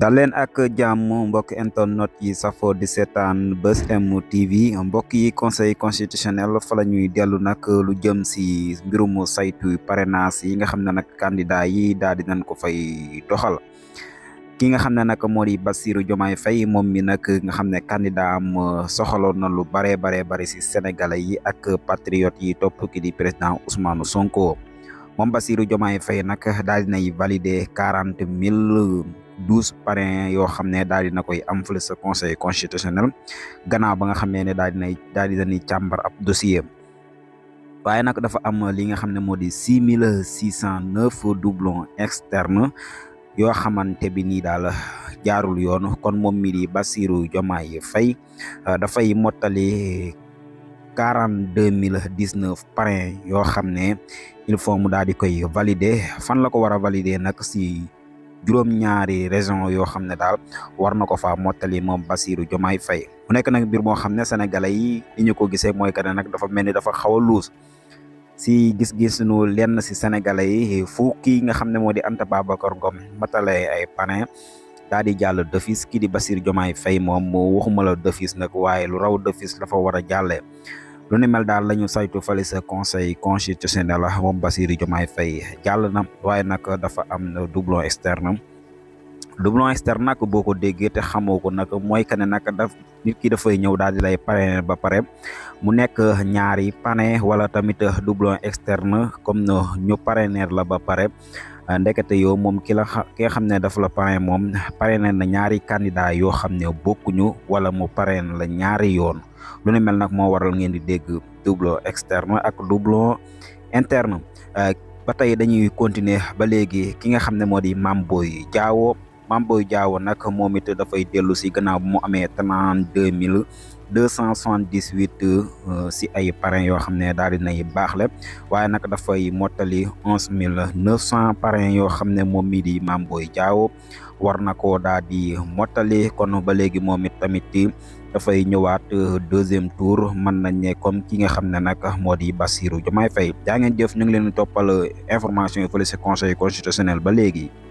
Dalen ak jam mbok internet yi safo di seetaan Buzz M TV mbok yi conseil constitutionnel fa la ñuy delu nak lu jëm si mbirum saytu parrainage yi nga xamne nak candidat yi daal di nañ ko fay doxal ki nga xamne nak modi di Bassirou Diomaye mi nak nga xamne candidat am soxalo na lu bare bare bare si sénégalais yi ak patriote yi top ki di président Ousmane Sonko mom Bassirou jomay fay nak daal di nay valider 40000 douze parrains yoo xam ne daal na koy am fële sa conseil constitutionnel gannaaw ba nga xamee ne daal dinay daal di dañuy càmbar ab dossier waaye nag dafa am li nga xam ne moo di six mille six cent neuf doublons externe yoo xamante bi nii daal jaarul yoon kon moom mi di Bassirou Diomaye fay euh, dafay mottali quarante deux mille dix neuf parrains yoo xam ne il faut mu daal di koy valider fan la ko war a valider nag si juróom-ñaari raison yoo xam ne daal war na ko faa mottali moom Bassirou Diomaye Faye mu nekk nag mbiir moo xam ne sénégalais yi ñu ko gisee mooy que ne nag dafa mel ni dafa xaw a luus si gis-gis nu lenn si sénégalais yi fu kii nga xam ne moo di Anta Babacar Ngom matale ay parrain daal di jàll defis kii di Bassirou Diomaye Faye moom moo waxuma la d'office nag waaye lu raw defis dafa fa war a jàllee lu ni mel daal la ñu saytu fale sa conseil constitutionnel moom Bassirou Diomaye Faye jàll na waaye nag dafa am na doublon externe doublon externe nag boo ko déggee te xamoo ko nag mooy que ne nag daf nit ki dafay ñëw daal di lay parrainer ba pare mu nekk ñaari parrain wala tamit doublon externe comme ñu parrainer la ba pare ndekete yow moom ki ki nga xam ne dafa la parrainer moom parrainer na ñaari candidat yoo xam ne bokkuñu wala mu parrainer la ñaari yoon lu ne mel nag moo waral ngeen di dégg doublon externe ak doublon interne ba tey dañuy continuer ba léegi ki nga xam ne moo di maam Boye Diao Mame Boye Diao nag moom it dafay dellu si gannaaw bu mu amee trente deux mille deux cent soixante dix huit euh, si ay parrains yoo xam ne daal di nay baax la waaye nag dafay mottali onze mille neuf cent parrains yoo xam ne moom mii di Mame Boye Diao war na koo daal di mottali kon ba léegi moom it tamit dafay ñëwaat euh, deuxième tour mën nañ ne comme ki nga xam ne nag moo di Bassirou Diomaye fay daa ngeen jëf ñu ngi leen toppal euh, information yi fële si conseil constitutionnel ba léegi.